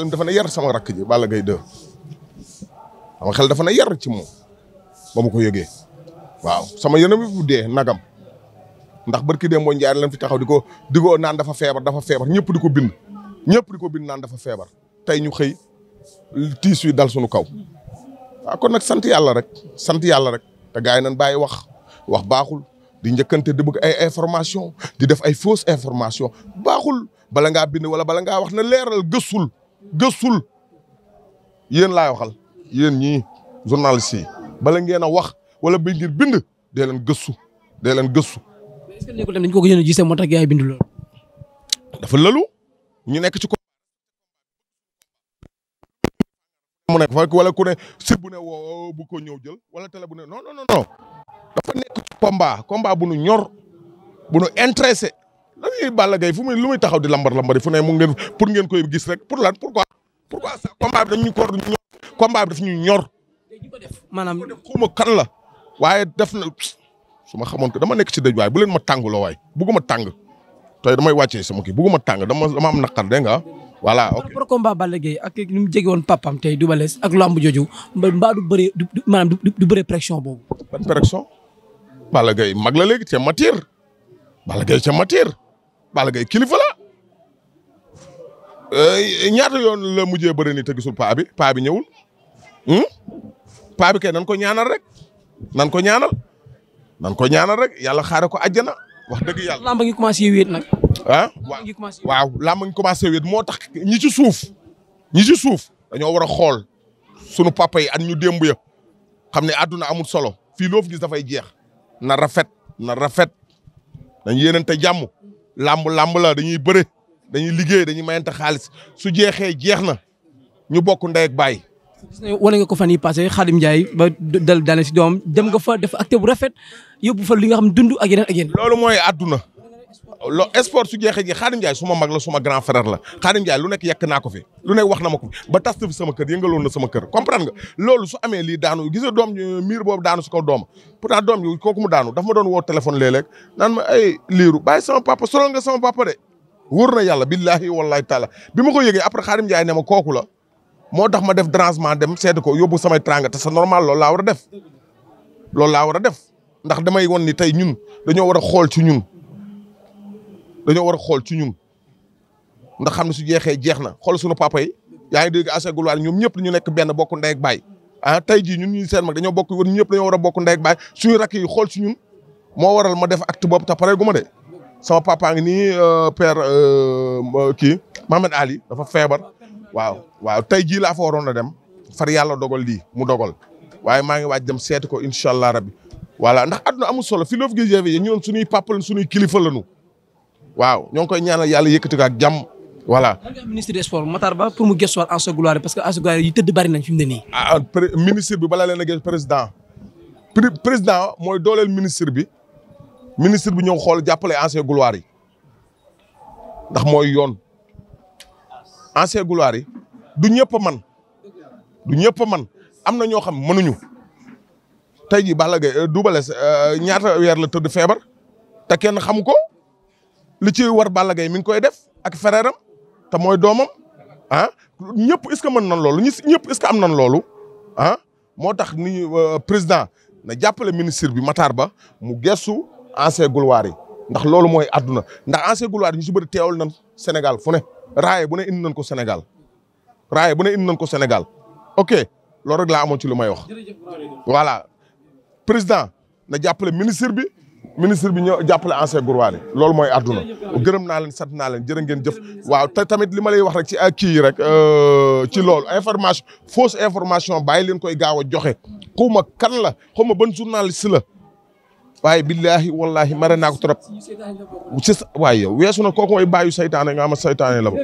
xel dafa na yar sama rakk ji Balla Gaye 2 sama xel dafa na yar ci moom ba ma ko yëgee waaw sama yeneen bu dee nagam ndax barki dee moo njaar leen fi taxaw di ko di ko naan dafa feebar dafa feebar ñëpp di ko bind ñëpp di ko bind naan dafa feebar tey ñu xëy tiis wi dal suñu kaw waaw kon nag sant yàlla rek sant yàlla rek te gars yi nañ bàyyi wax wax baaxul di njëkkante di bëgg ay information di def ay fausse information baaxul bala ngaa bind wala bala ngaa wax na leeral gëstul gëstul yéen laay waxal yéen ñii journaliste bala ngeen a wax wala ba ngir bind dee leen gëstu dee leen gëstu. mais est-ce ko gën gisee moo tax gars yi dafa lëlu ñu nekk ci ko mu nekk fa wala ku ne ne woo bu ko ñëw jël wala télé bu ne non non non. dafa nekk ci ñor bu intéressé lan ngay Balla lu muy taxaw di lambar lambari fu ne mu ngeen pour ngeen koy gis rek pour lan pourquoi. pourquoi ça combat bi dañ ñu ñor combat bi daf ñu la waaye def na ma xamoon ko dama nekk ci dëj waay bu leen ma tàng loo waay bugguma tàng tey damay wàccee sama kii bugguma tàng dama dama am naqar dégg nga voilà ok par combat Balla Gaye ak ni mu jege woon papam tey du balees ak lamb jooju mbaa du bëree du maanaam du bëree pression boobu. ban pression Balla Gaye mag la léegi ca matière Balla Gaye ca matière. Balla Gaye kilifa la euh, ñaata yoon la mujjee bëri ni ta gisul paa bi paa bi ñëwul hmm? paa bi kay nan ko ñaanal rek nan ko ñaanal nan ko ñaanal rek yàlla xaare ko ajana wax dëgg yàlla. lamba ngi commencé wéet nag. Ah, waaw lamba ngi commencé moo tax ñi ci suuf ñi ci suuf dañoo war a xool sunu papa yi ak ñu démb ya xam ne àdduna amul solo fii loo fi dafay jeex na rafet na rafet dañ yéenante jàmm. làmb làmb la dañuy bëre dañuy liggéey dañuy mayante xaalis su jeexee jeex na ñu bokk ndey ak baay. wane nga ko fan yi passé Khadim Ndiaye ba dal daane si doom dem nga fa def acte bu rafet yóbbu fa li nga xam dund ak ak yeneen. loolu mooy àdduna lo sport su jeexee ji Xaadim Njaay suma mag la suma grand frère la Xaadim Njaay lu nekk naa ko fi lu wax na ma ko ba tas fi sama kër yëngaloon na sama kër comprendre nga loolu su amee lii daanu gis nga doom miir boobu daanu si ko doom yi kooku mu daanu dafa ma doon woo téléphone léeg-léeg naan ma ay liiru bàyyi sama papa sonal nga sama papa de wóor na yàlla billahi wallahi taala bi ma ko yegee après Xaadim Njaay ne ma kooku la moo tax ma def dérangement dem seeti ko yóbbu samay tranga te c'est loolu laa war def loolu laa war a def ndax damay won ni tey ñun dañoo war a xool ci ñun dañoo war a xool ci ñun ndax xam ne su jeexee jeex na xool suñu papa yi yaa ngi dégg asagulwaal ñoom ñëpp dañu nekk benn bokku ndey ak baay ah tey jii ñu seen mag dañoo bokk ñun ñëpp dañoo war a bokk ndey ak baay suñu rakk yi xool ci ñun moo waral ma def acte boobu te pare gu ma de sama papa ngi nii euh, père euh, kii Mohamed Ali dafa feebar waaw waaw tey jii laa fa waroon a dem far yàlla dogal lii mu dogal waaye maa ngi waaj dem seeti ko incha allah rabbi voilà ndax àdduna amul solo philosophie yi ñu doon suñuy papa lañ suñuy kilifa lañu waaw ñoo ngi koy ñaanal yàlla yëkkati ko ak jàmm voilà. ministre des sports Matar Ba pour mu gëstuwaat en sa gloire parce que en sa gloire yi tëdd bari nañ fi ah, ah, bi balaa leen a gis président président mooy dooleel ministre bi ministre bi ñëw xool jàppale ancien gloire ndax mooy yoon ancien gloire du ñëpp man du ñëpp man am na ñoo xam mënuñu tey jii Balla Gaye euh, Double Less euh, ñaata weer la tëdd feebar te kenn xamu ko. li ci war Balla Gaye mi ngi koy def ak fereeram te mooy doomam ah ñëpp est-ce que mën nan loolu ñëpp est-ce que am nan loolu ah moo tax ni euh, président na jàppale ministre bi Matar Ba mu gestu ancien gulwaar yi ndax loolu mooy adduna ndax ancien gulwaar yi ñu si bëri teewal nan Sénégal fu ne raaye bu ne indi nañ ko Sénégal raaye bu ne indi nañ ko Sénégal ok loolu rek laa amoon ci lu may wax voilà président na jàppale ministre bi ministre bi ñëw jàppale ancien gourwaane loolu mooy àdduna gërëm naa leen sant naa leen jërë ngeen jëf waaw te tamit li ma lay wax rek ci ak kii rek euh, ci loolu information fausse information bàyyi leen koy gaaw a joxe xaw kan la xaw ma ban si la waaye billaahi wallaahi mare naa ko trop ci waaye yow weesu na kooku mooy bàyyu saytaane nga ama saytaane la ba